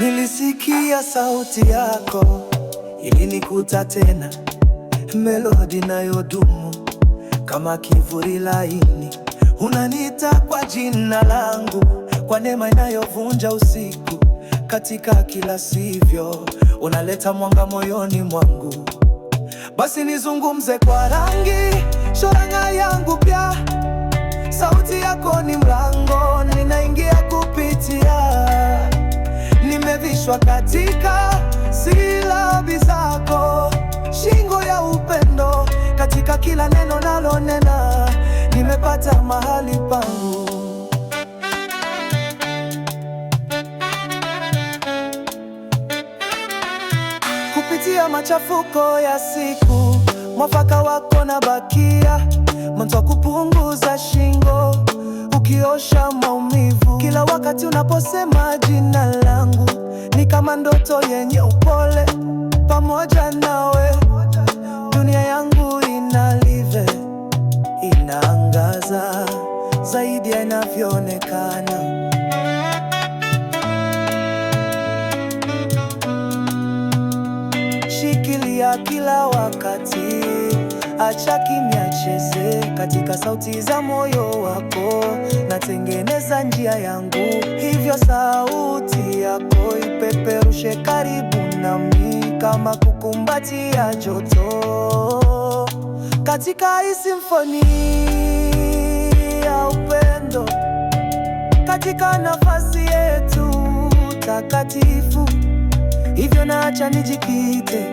Nilisikia sauti yako ilinikuta tena, melodi inayodumu kama kivuli laini. Unaniita kwa jina langu, kwa neema inayovunja usiku. Katika kila sivyo, unaleta mwanga moyoni mwangu. Basi nizungumze kwa rangi, shoranga yangu pia Umeunganishwa katika silabi zako, shingo ya upendo, katika kila neno nalonena, nimepata mahali pangu. Kupitia machafuko ya siku, mwafaka wako na bakia wa kupunguza shingo, ukiosha maumivu kila wakati unaposema jina langu ni kama ndoto yenye upole, pamoja nawe dunia yangu inalive, inaangaza zaidi ya inavyoonekana. Shikilia kila wakati acha kimya cheze katika sauti za moyo wako, natengeneza njia yangu, hivyo sauti yako ipeperushe karibu nami kama kukumbatia joto katika hii simfoni ya upendo, katika nafasi yetu takatifu, hivyo naacha nijikite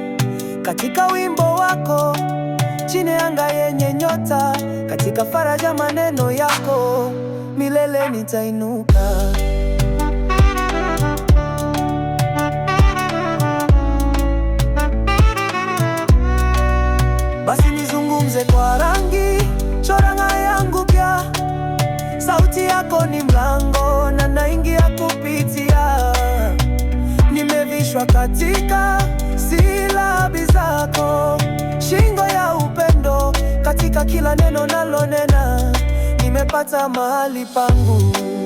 katika wimbo wako chini anga yenye nyota, katika faraja maneno yako milele nitainuka. Basi nizungumze kwa rangi, chora ng'aa yangu pia. Sauti yako ni mlango na naingia kupitia, nimevishwa katika katika kila neno nalonena, nimepata mahali pangu.